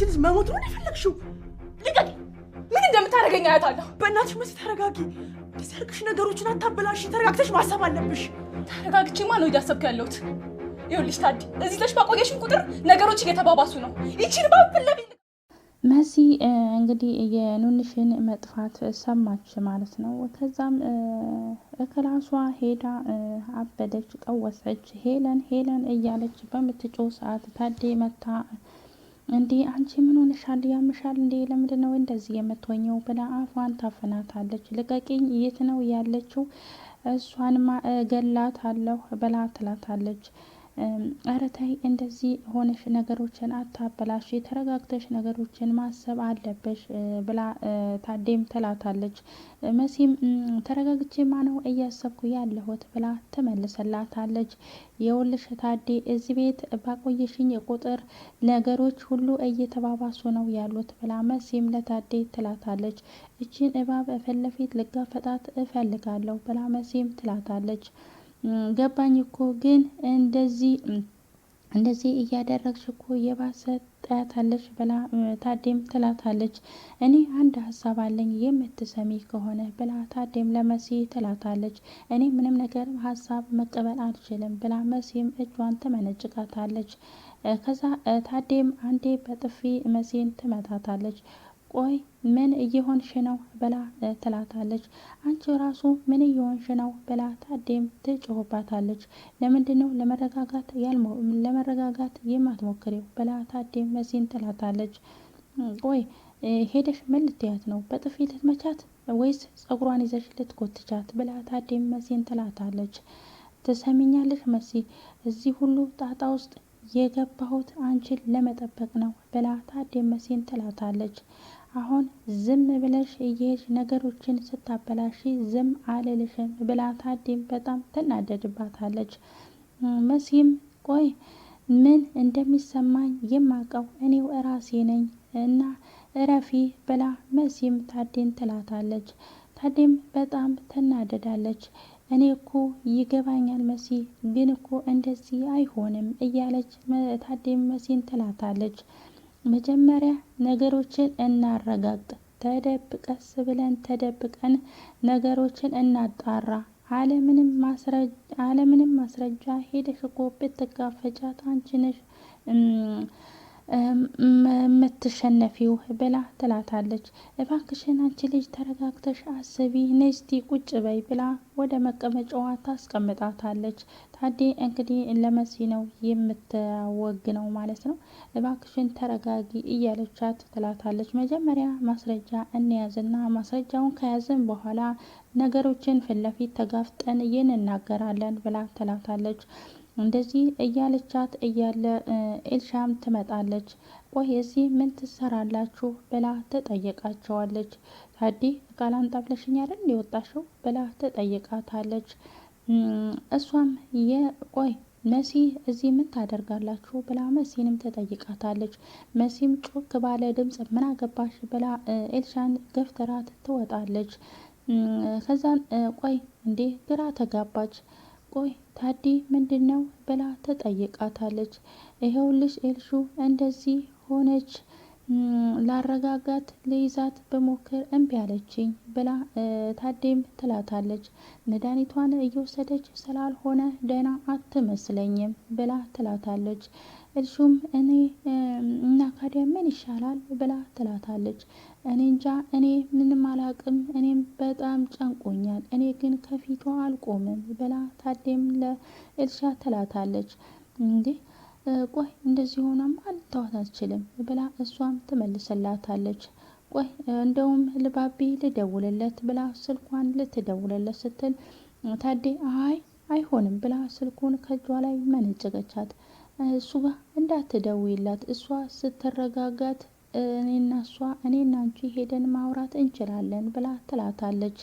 ችልጅ መሞት ነው የፈለግሽው? ልቀቂ! ምን እንደምታደርገኝ አያታለሁ። በእናትሽ መሲ ተረጋጊ። ሰርግሽ ነገሮችን አታበላሽ። ተረጋግተሽ ማሰብ አለብሽ። ተረጋግቼማ ነው እያሰብኩ ያለሁት። ይኸውልሽ ታዲ፣ እዚህ ለሽ ባቆየሽም ቁጥር ነገሮች እየተባባሱ ነው። ይቺን ባብለብ መሲ እንግዲህ የኑንሽን መጥፋት ሰማች ማለት ነው። ከዛም እክላሷ ሄዳ አበደች፣ ቀወሰች። ሄለን ሄለን እያለች በምትጮ ሰዓት ታዴ መታ እንዴ አንቺ ምን ሆነሻል? ያምሻል እንዴ? ለምንድን ነው እንደዚህ የምትሆኘው? ብላ አፏን ታፈናታለች። ልቀቂኝ፣ የት ነው ያለችው? እሷንማ አለሁ ብላ ትላታለች። ኧረ ተይ እንደዚህ ሆነሽ ነገሮችን አታበላሽ፣ የተረጋግተሽ ነገሮችን ማሰብ አለብሽ ብላ ታዴም ትላታለች። መሲም ተረጋግቼማ ማነው እያሰብኩ ያለሁት ብላ ትመልስላታለች። የውልሽ ታዴ እዚህ ቤት ባቆየሽኝ ቁጥር ነገሮች ሁሉ እየተባባሱ ነው ያሉት ብላ መሲም ለታዴ ትላታለች። እችን እባብ ፊት ለፊት ልጋፈጣት እፈልጋለሁ ብላ መሲም ትላታለች። ገባኝ እኮ ግን እንደዚህ እንደዚህ እያደረግሽ እኮ የባሰ ጠያታለች ብላ ታዴም ትላታለች። እኔ አንድ ሀሳብ አለኝ የምትሰሚ ከሆነ ብላ ታዴም ለመሲ ትላታለች። እኔ ምንም ነገር ሀሳብ መቀበል አልችልም ብላ መሲም እጇን ትመነጭቃታለች። ከዛ ታዴም አንዴ በጥፊ መሲን ትመታታለች። ቆይ ምን እየሆንሽ ነው ብላ ትላታለች። አንቺ ራሱ ምን እየሆንሽ ነው ብላ ታዴም ትጮህባታለች። ለምንድን ነው ለመረጋጋት ለመረጋጋት የማትሞክሬው ብላ ታዴም መሲን ትላታለች። ቆይ ሄደሽ ምን ልትያት ነው? በጥፊ ልትመቻት ወይስ ጸጉሯን ይዘሽ ልትኮትቻት? ብላ ታዴም መሲን ትላታለች። ትሰሚኛለሽ መሲ፣ እዚህ ሁሉ ጣጣ ውስጥ የገባሁት አንቺን ለመጠበቅ ነው ብላ ታዴም መሲን ትላታለች። አሁን ዝም ብለሽ እየሄድሽ ነገሮችን ስታበላሽ ዝም አልልሽም ብላ ታዴም በጣም ትናደድባታለች። መሲም ቆይ ምን እንደሚሰማኝ የማውቀው እኔው እራሴ ነኝ እና እረፊ ብላ መሲም ታዴን ትላታለች። ታዴም በጣም ትናደዳለች። እኔ እኮ ይገባኛል መሲ፣ ግን እኮ እንደዚህ አይሆንም እያለች ታዴም መሲን ትላታለች። መጀመሪያ ነገሮችን እናረጋግጥ። ተደብ ቀስ ብለን ተደብቀን ነገሮችን እናጣራ። አለምንም ማስረጃ ሄደሽ እኮ ብትጋፈጫት አንቺ ነሽ የምትሸነፊው ብላ ትላታለች። እባክሽን አንቺ ልጅ ተረጋግተሽ አስቢ፣ ነስቲ ቁጭ በይ ብላ ወደ መቀመጫዋ ታስቀምጣታለች። ታዴ እንግዲህ ለመሲ ነው ነው ማለት ነው። እባክሽን ተረጋጊ እያለቻት ትላታለች። መጀመሪያ ማስረጃ እንያዝና ማስረጃውን ከያዝን በኋላ ነገሮችን ፊት ለፊት ተጋፍጠን እንናገራለን ብላ ትላታለች። እንደዚህ እያለቻት እያለ ኤልሻም ትመጣለች። ቆይ እዚህ ምን ትሰራላችሁ ብላ ትጠይቃቸዋለች። ታዲ ቃላን ጣብለሽኝ አይደል የወጣሽው ብላ ትጠይቃታለች። እሷም የቆይ መሲ እዚህ ምን ታደርጋላችሁ ብላ መሲንም ትጠይቃታለች። መሲም ጮክ ባለ ድምፅ ምን አገባሽ ብላ ኤልሻን ገፍትራት ትወጣለች። ከዛን ቆይ እንዴ ግራ ተጋባች። ቆይ ታዲ ምንድን ነው ብላ ተጠይቃታለች። ልሽ ኤልሹ እንደዚህ ሆነች ላረጋጋት ልይዛት በሞክር እምቢ አለችኝ ብላ ታዴም ትላታለች። መድኃኒቷን እየወሰደች ስላልሆነ ደህና አትመስለኝም ብላ ትላታለች። እልሹም እኔ እና ካዲያ ምን ይሻላል ብላ ትላታለች። እኔ እንጃ እኔ ምንም አላቅም፣ እኔም በጣም ጨንቆኛል፣ እኔ ግን ከፊቱ አልቆምም ብላ ታዴም ለኤልሻ ትላታለች። እንዴ ቆይ እንደዚህ ሆናማ ልታዋት አትችልም ብላ እሷም ትመልስላታለች። ቆይ እንደውም ልባቤ ልደውልለት ብላ ስልኳን ልትደውልለት ስትል ታዴ አይ አይሆንም ብላ ስልኩን ከእጇ ላይ መነጨቀቻት። እሱ ጋር እንዳትደውይላት እሷ ስትረጋጋት እኔና እሷ እኔና አንቺ ሄደን ማውራት እንችላለን ብላ ትላታለች።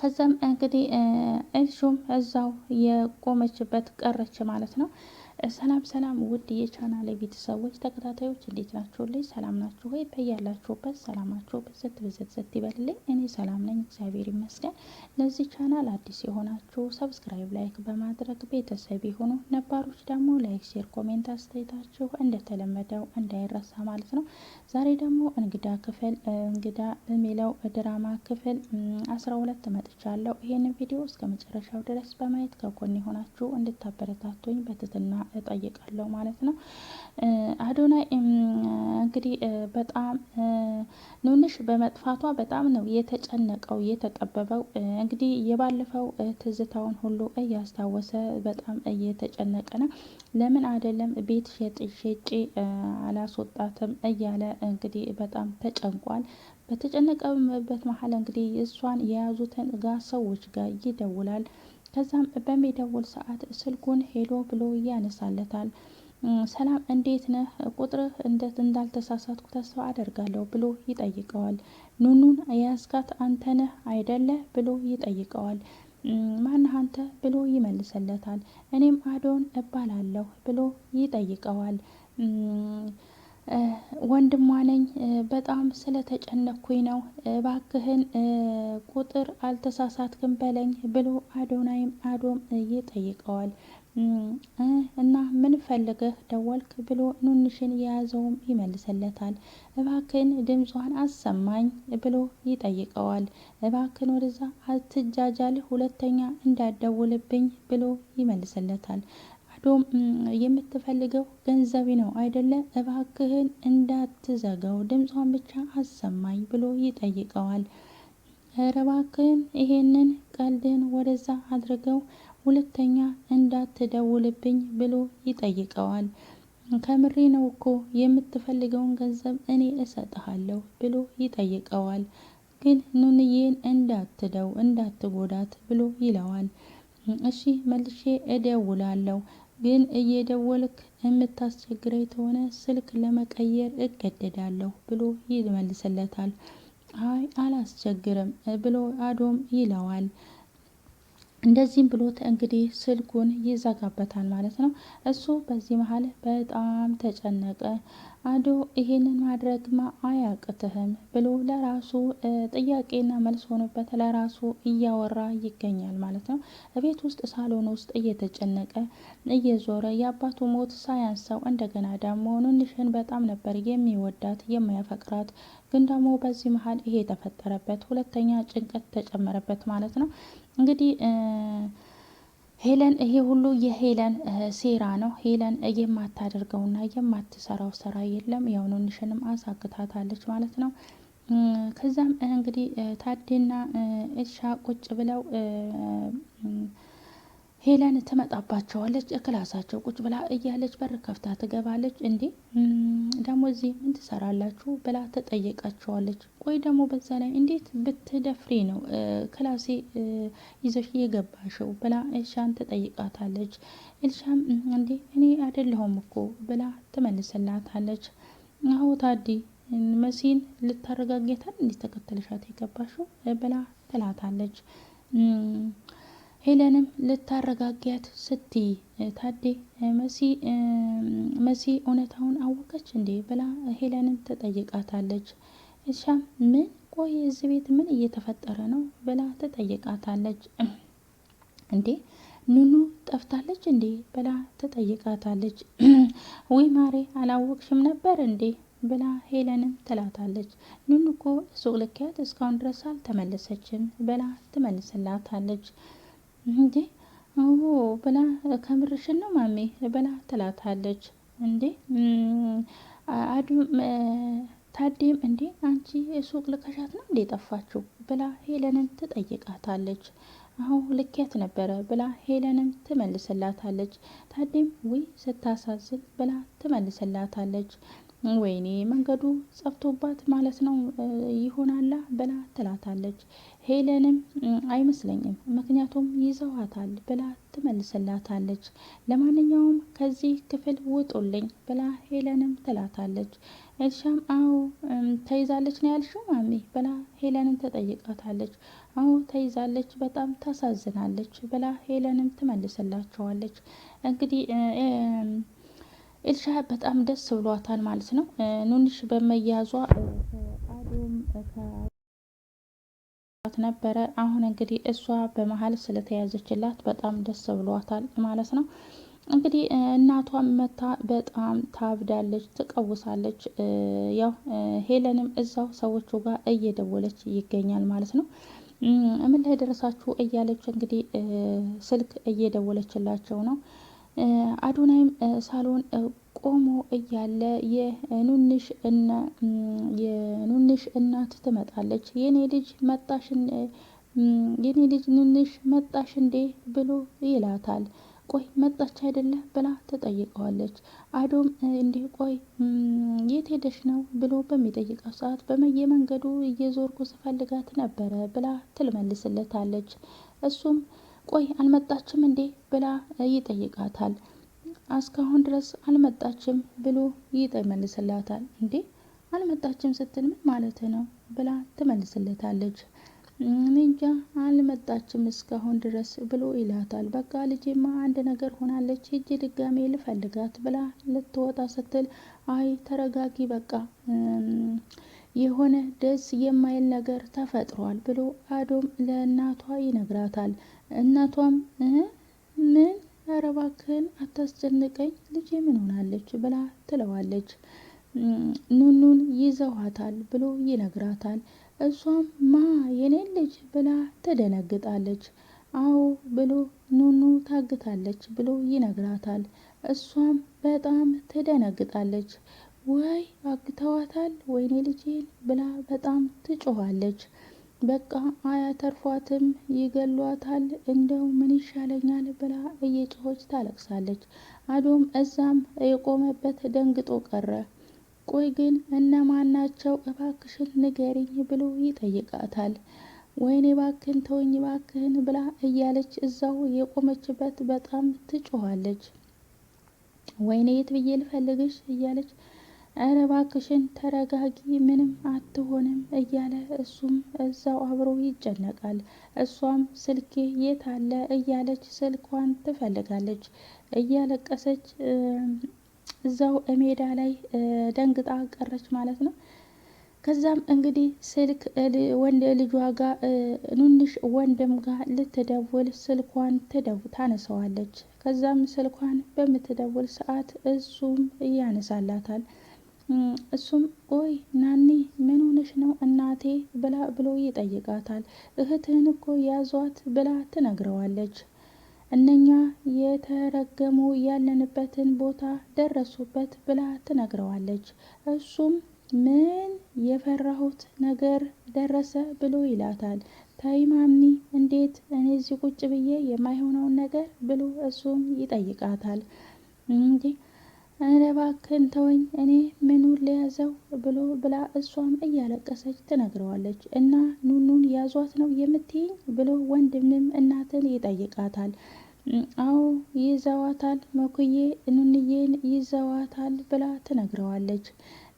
ከዛም እንግዲህ እሹም እዛው የቆመችበት ቀረች ማለት ነው። ሰላም ሰላም ውድ የቻናል ቤተሰቦች ተከታታዮች እንዴት ልጅ ሰላም ናችሁ ወይ? በያላችሁበት ሰላማችሁ በዘት በዘት ዘት ይበልልኝ። እኔ ሰላም ነኝ፣ እግዚአብሔር ይመስገን። ለዚህ ቻናል አዲስ የሆናችሁ ሰብስክራይብ፣ ላይክ በማድረግ ቤተሰብ የሆኑ ነባሮች ደግሞ ላይክ፣ ሼር፣ ኮሜንት አስተያየታችሁ እንደተለመደው እንዳይረሳ ማለት ነው። ዛሬ ደግሞ እንግዳ ክፍል እንግዳ የሚለው ድራማ ክፍል አስራ ሁለት መጥቻለሁ። ይህንን ቪዲዮ እስከ መጨረሻው ድረስ በማየት ከጎን የሆናችሁ እንድታበረታቱኝ በትትና እጠይቃለሁ ማለት ነው። አዶናይ እንግዲህ በጣም ኑንሽ በመጥፋቷ በጣም ነው የተጨነቀው የተጠበበው። እንግዲህ የባለፈው ትዝታውን ሁሉ እያስታወሰ በጣም እየተጨነቀ ነው። ለምን አይደለም ቤት ሸጪ ሸጪ አላስወጣትም እያለ እንግዲህ በጣም ተጨንቋል። በተጨነቀበት መሀል እንግዲህ እሷን የያዙትን ጋር ሰዎች ጋር ይደውላል። ከዛም በሚደውል ሰዓት ስልኩን ሄሎ ብሎ ያነሳለታል። ሰላም እንዴት ነህ? ቁጥርህ እንደት እንዳልተሳሳትኩ ተስፋ አደርጋለሁ ብሎ ይጠይቀዋል። ኑኑን ያስጋት አንተ ነህ አይደለ? ብሎ ይጠይቀዋል። ማነህ አንተ ብሎ ይመልስለታል። እኔም አዶን እባላለሁ ብሎ ይጠይቀዋል። ወንድሟ ነኝ በጣም ስለተጨነኩኝ ነው እባክህን ቁጥር አልተሳሳትክም በለኝ ብሎ አዶናይም አዶም ይጠይቀዋል። እና ምን ፈልገህ ደወልክ ብሎ ኑንሽን የያዘውም ይመልስለታል። እባክን ድምጿን አሰማኝ ብሎ ይጠይቀዋል። እባክን ወደዛ አትጃጃል፣ ሁለተኛ እንዳደውልብኝ ብሎ ይመልስለታል። እንዶም የምትፈልገው ገንዘብ ነው አይደለ? እባክህን እንዳትዘጋው ድምጿን ብቻ አሰማኝ ብሎ ይጠይቀዋል። ረባክህን እባክህን ይሄንን ቀልድህን ወደዛ አድርገው ሁለተኛ እንዳትደውልብኝ ብሎ ይጠይቀዋል። ከምሬ ነው እኮ የምትፈልገውን ገንዘብ እኔ እሰጥሃለሁ ብሎ ይጠይቀዋል። ግን ኑንዬን እንዳትደው እንዳትጎዳት ብሎ ይለዋል። እሺ መልሼ እደውላለሁ ግን እየደወልክ የምታስቸግረኝ ከሆነ ስልክ ለመቀየር እገደዳለሁ ብሎ ይመልስለታል። አይ አላስቸግርም ብሎ አዶም ይለዋል። እንደዚህም ብሎት እንግዲህ ስልኩን ይዘጋበታል ማለት ነው። እሱ በዚህ መሀል በጣም ተጨነቀ። አዶ ይሄንን ማድረግማ አያቅትህም ብሎ ለራሱ ጥያቄና መልስ ሆኖበት ለራሱ እያወራ ይገኛል ማለት ነው። ቤት ውስጥ ሳሎን ውስጥ እየተጨነቀ እየዞረ የአባቱ ሞት ሳያንሰው እንደገና ደግሞ ንንሽን በጣም ነበር የሚወዳት የሚያፈቅራት፣ ግን ደግሞ በዚህ መሀል ይሄ የተፈጠረበት ሁለተኛ ጭንቀት ተጨመረበት ማለት ነው እንግዲህ ሄለን ይሄ ሁሉ የሄለን ሴራ ነው። ሄለን የማታደርገውና የማትሰራው ስራ የለም። ያው ኑንሽንም አሳግታታለች ማለት ነው። ከዛም እንግዲህ ታዴና እሻ ቁጭ ብለው ሄለን ትመጣባቸዋለች። ክላሳቸው ቁጭ ብላ እያለች በር ከፍታ ትገባለች። እንዴ ደግሞ እዚህ ምን ትሰራላችሁ ብላ ተጠየቃቸዋለች። ቆይ ደግሞ በዛ ላይ እንዴት ብትደፍሪ ነው ክላሴ ይዘሽ የገባሽው ብላ እልሻን ትጠይቃታለች። ኤልሻም እንዴ እኔ አይደለሁም እኮ ብላ ትመልስላታለች። አሁ ታዲ መሲን ልታረጋጌታል እንዲህ ተከተልሻት የገባሽው ብላ ትላታለች። ሄለንም ልታረጋጊያት ስትይ ታዴ መሲ እውነታውን አወቀች እንዴ ብላ ሄለንን ትጠይቃታለች። እሻም ምን ቆይ እዚህ ቤት ምን እየተፈጠረ ነው ብላ ትጠይቃታለች። እንዴ ኑኑ ጠፍታለች እንዴ ብላ ትጠይቃታለች። ዊ ማሬ አላወቅሽም ነበር እንዴ ብላ ሄለንም ትላታለች። ኑኑ እኮ ሱቅ ልኪያት እስካሁን ድረስ አልተመለሰችም ብላ ትመልስላታለች። እንዴ አዎ ብላ ከምርሽን ነው ማሜ ብላ ትላታለች። እንዴ አዱ ታዴም እንዴ አንቺ ሱቅ ልከሻት ነው እንዴ ጠፋችሁ? ብላ ሄለንን ትጠይቃታለች። አሁ ልኬት ነበረ ብላ ሄለንም ትመልስላታለች። ታዴም ውይ ስታሳዝን ብላ ትመልስላታለች። ወይኔ መንገዱ ጸፍቶባት ማለት ነው ይሆናላ ብላ ትላታለች። ሄለንም አይመስለኝም፣ ምክንያቱም ይዘዋታል ብላ ትመልስላታለች። ለማንኛውም ከዚህ ክፍል ውጡልኝ ብላ ሄለንም ትላታለች። ኤልሻም አዎ ተይዛለች ነው ያልሽው ማሚ ብላ ሄለንም ትጠይቃታለች። አዎ ተይዛለች፣ በጣም ታሳዝናለች ብላ ሄለንም ትመልስላቸዋለች። እንግዲህ ኤልሻ በጣም ደስ ብሏታል ማለት ነው። ኑንሽ በመያዟ አዶም ነበረ። አሁን እንግዲህ እሷ በመሀል ስለተያዘችላት በጣም ደስ ብሏታል ማለት ነው። እንግዲህ እናቷም መታ በጣም ታብዳለች፣ ትቀውሳለች። ያው ሄለንም እዛው ሰዎቹ ጋር እየደወለች ይገኛል ማለት ነው። ምን ላይ ደረሳችሁ እያለች እንግዲህ ስልክ እየደወለችላቸው ነው። አዶናይም ሳሎን ቆሞ እያለ የኑንሽ እናት ትመጣለች። የኔ ልጅ መጣሽን የኔ ልጅ ኑንሽ መጣሽ እንዴ ብሎ ይላታል። ቆይ መጣች አይደለ ብላ ትጠይቀዋለች። አዶም እንዲህ ቆይ የት ሄደሽ ነው ብሎ በሚጠይቀው ሰዓት መንገዱ እየዞርኩ ስፈልጋት ነበረ ብላ ትልመልስለታለች። እሱም ቆይ አልመጣችም እንዴ ብላ ይጠይቃታል። እስካሁን ድረስ አልመጣችም ብሎ ይመልስላታል። እንዴ አልመጣችም ስትል ምን ማለት ነው ብላ ትመልስለታለች። እንጃ አልመጣችም እስካሁን ድረስ ብሎ ይላታል። በቃ ልጄማ አንድ ነገር ሆናለች ሂጅ ድጋሜ ልፈልጋት ብላ ልትወጣ ስትል አይ ተረጋጊ፣ በቃ የሆነ ደስ የማይል ነገር ተፈጥሯል ብሎ አዶም ለእናቷ ይነግራታል። እናቷም ምን አረባክን አታስጨንቀኝ ልጄ ምን ሆናለች ብላ ትለዋለች። ኑኑን ይዘዋታል ብሎ ይነግራታል። እሷም ማ የኔ ልጅ ብላ ትደነግጣለች። አዎ ብሎ ኑኑ ታግታለች ብሎ ይነግራታል። እሷም በጣም ትደነግጣለች። ወይ አግተዋታል ወይኔ ልጄን ብላ በጣም ትጮኻለች። በቃ አያተርፏትም፣ ይገሏታል፣ እንደው ምን ይሻለኛል ብላ እየጮኸች ታለቅሳለች። አዶም እዛም የቆመበት ደንግጦ ቀረ። ቆይ ግን እነማን ናቸው እባክሽን ንገሪኝ ብሎ ይጠይቃታል። ወይኔ ባክን ተወኝ ባክህን ብላ እያለች እዛው የቆመችበት በጣም ትጮኋለች። ወይኔ የት ብዬ ልፈልግሽ እያለች እረ እባክሽን ተረጋጊ፣ ምንም አትሆንም እያለ እሱም እዛው አብሮ ይጨነቃል። እሷም ስልኬ የት አለ እያለች ስልኳን ትፈልጋለች። እያለቀሰች እዛው ሜዳ ላይ ደንግጣ ቀረች ማለት ነው። ከዛም እንግዲህ ስልክ ወንድ ልጇ ጋር ኑንሽ ወንድም ጋር ልትደውል ስልኳን ትደው ታነሰዋለች። ከዛም ስልኳን በምትደውል ሰዓት እሱም ያነሳላታል። እሱም ቆይ ናኒ ምን ሆነሽ ነው እናቴ ብላ ብሎ ይጠይቃታል። እህትህን እኮ ያዟት ብላ ትነግረዋለች። እነኛ የተረገሙ ያለንበትን ቦታ ደረሱበት ብላ ትነግረዋለች። እሱም ምን የፈራሁት ነገር ደረሰ ብሎ ይላታል። ታይማሚ ማሚ እንዴት እኔ እዚህ ቁጭ ብዬ የማይሆነውን ነገር ብሎ እሱም ይጠይቃታል። እንዴ እረ እባክህን ተወኝ እኔ ምኑን ልያዘው ብሎ ብላ እሷም እያለቀሰች ትነግረዋለች። እና ኑኑን ያዟት ነው የምትይኝ ብሎ ወንድምም እናትን ይጠይቃታል። አዎ ይዘዋታል፣ መኩዬ ኑንዬን ይዘዋታል ብላ ትነግረዋለች።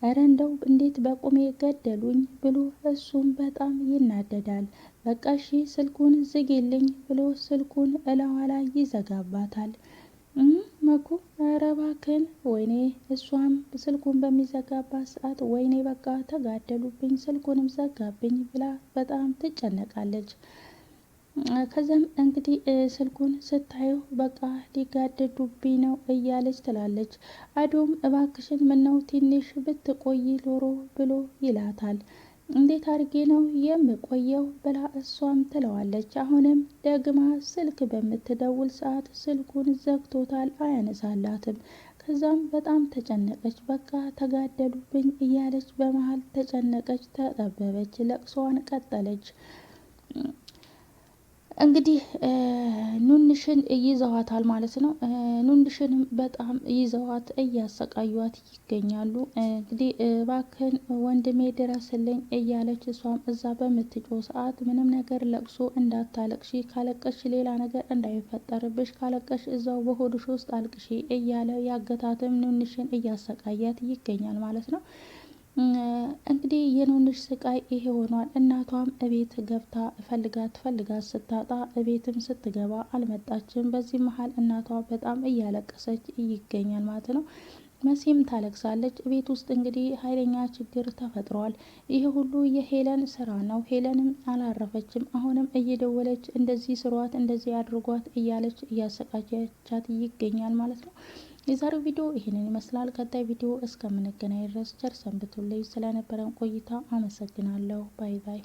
እረ እንደው እንዴት በቁሜ ገደሉኝ ብሎ እሱም በጣም ይናደዳል። በቃ እሺ ስልኩን ዝጊልኝ ብሎ ስልኩን እለኋላ ይዘጋባታል። መኩ ኧረ እባክህን ወይኔ እሷም ስልኩን በሚዘጋባት ሰዓት ወይኔ በቃ ተጋደሉብኝ ስልኩንም ዘጋብኝ ብላ በጣም ትጨነቃለች። ከዚም እንግዲህ ስልኩን ስታየው በቃ ሊጋደዱብኝ ነው እያለች ትላለች። አዶም እባክሽን ምነው ትንሽ ብትቆይ ሎሮ ብሎ ይላታል። እንዴት አድርጌ ነው የምቆየው ብላ እሷም ትለዋለች። አሁንም ደግማ ስልክ በምትደውል ሰዓት ስልኩን ዘግቶታል፣ አያነሳላትም። ከዛም በጣም ተጨነቀች። በቃ ተጋደሉብኝ እያለች በመሀል ተጨነቀች፣ ተጠበበች፣ ለቅሶዋን ቀጠለች። እንግዲህ ኑንሽን ይዘዋታል ማለት ነው። ኑንሽንም በጣም ይዘዋት እያሰቃዩዋት ይገኛሉ። እንግዲህ እባክህን ወንድሜ ድረስልኝ እያለች እሷም እዛ በምትጮ ሰዓት ምንም ነገር ለቅሶ እንዳታለቅሺ፣ ካለቀሽ ሌላ ነገር እንዳይፈጠርብሽ፣ ካለቀሽ እዛው በሆድሽ ውስጥ አልቅሺ እያለ ያገታትም ኑንሽን እያሰቃያት ይገኛል ማለት ነው። እንግዲህ የኖንሽ ስቃይ ይሄ ሆኗል። እናቷም እቤት ገብታ ፈልጋት ፈልጋት ስታጣ እቤትም ስትገባ አልመጣችም። በዚህ መሀል እናቷ በጣም እያለቀሰች ይገኛል ማለት ነው። መሲም ታለቅሳለች። ቤት ውስጥ እንግዲህ ኃይለኛ ችግር ተፈጥሯል። ይህ ሁሉ የሄለን ስራ ነው። ሄለንም አላረፈችም። አሁንም እየደወለች እንደዚህ ስሯት፣ እንደዚህ አድርጓት እያለች እያሰቃየቻት ይገኛል ማለት ነው። የዛሬው ቪዲዮ ይህንን ይመስላል። ቀጣይ ቪዲዮ እስከምንገናኝ ድረስ ቸር ሰንብቱልኝ። ስለነበረን ቆይታ አመሰግናለሁ። ባይ ባይ